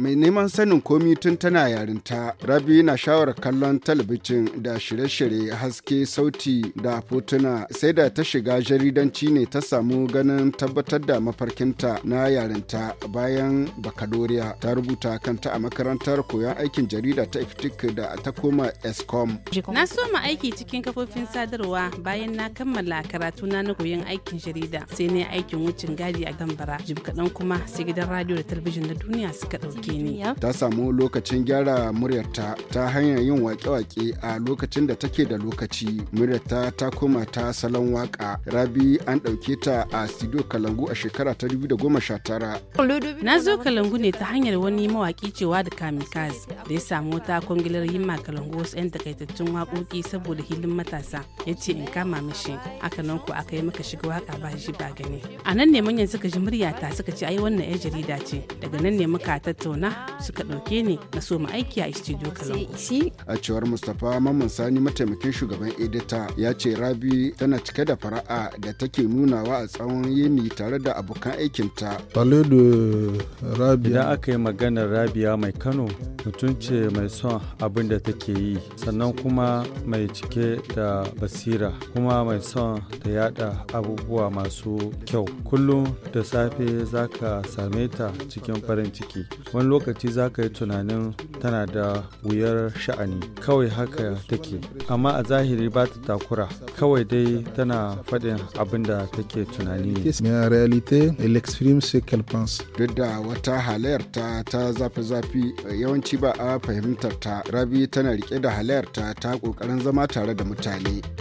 mai neman sanin komi tun tana yarinta rabi na shawarar kallon talabijin da shirye-shirye haske sauti da fotuna sai da ta shiga jaridanci ne ta samu ganin tabbatar da mafarkinta na yarinta bayan bakadoriya ta rubuta kanta a makarantar koyon aikin jarida ta iftik da ta koma escom na soma aiki cikin kafofin sadarwa bayan na kammala karatu na na koyon aikin jarida sai na aikin wucin gadi a gambara jim kaɗan kuma sai gidan radio da talabijin na duniya suka ɗauki ne ta samu lokacin gyara muryarta ta hanyar yin waƙe-waƙe a lokacin da take da lokaci muryarta ta koma ta salon waka rabi an ɗauke ta a studio kalangu a shekara ta tara. na zo kalangu ne ta hanyar wani mawaki cewa da kamikaze da ya samu wata kwangilar yin Kalangu wasu 'yan takaitattun waƙoƙi saboda hilin matasa ya ce in kama mishi aka nan ko aka yi maka shiga waka ba shi ba gani a nan ne manyan suka ji muryata suka ce ai wannan 'yan jarida ce daga nan ne muka tattauna No. suka ɗauke ni na so aiki a studio kalangu a cewar mustapha mamman sani mataimakin shugaban edita ya ce rabi tana cike da fara'a da take nunawa a tsawon yini tare da abokan aikinta idan aka yi maganar rabiya mai kano mutum ce mai son abin da take yi sannan kuma mai cike da basira kuma mai son ta yada abubuwa masu kyau kullum da safe za ka same ta cikin farin ciki wani lokaci za ka yi tunanin tana da wuyar sha'ani kawai haka take amma a zahiri ba ta takura kawai dai tana faɗin abin da take tunani ne duk da wata halayarta ta zafi-zafi yawanci ba a fahimtar ta rabi tana rike da halayarta ta ƙoƙarin zama tare da mutane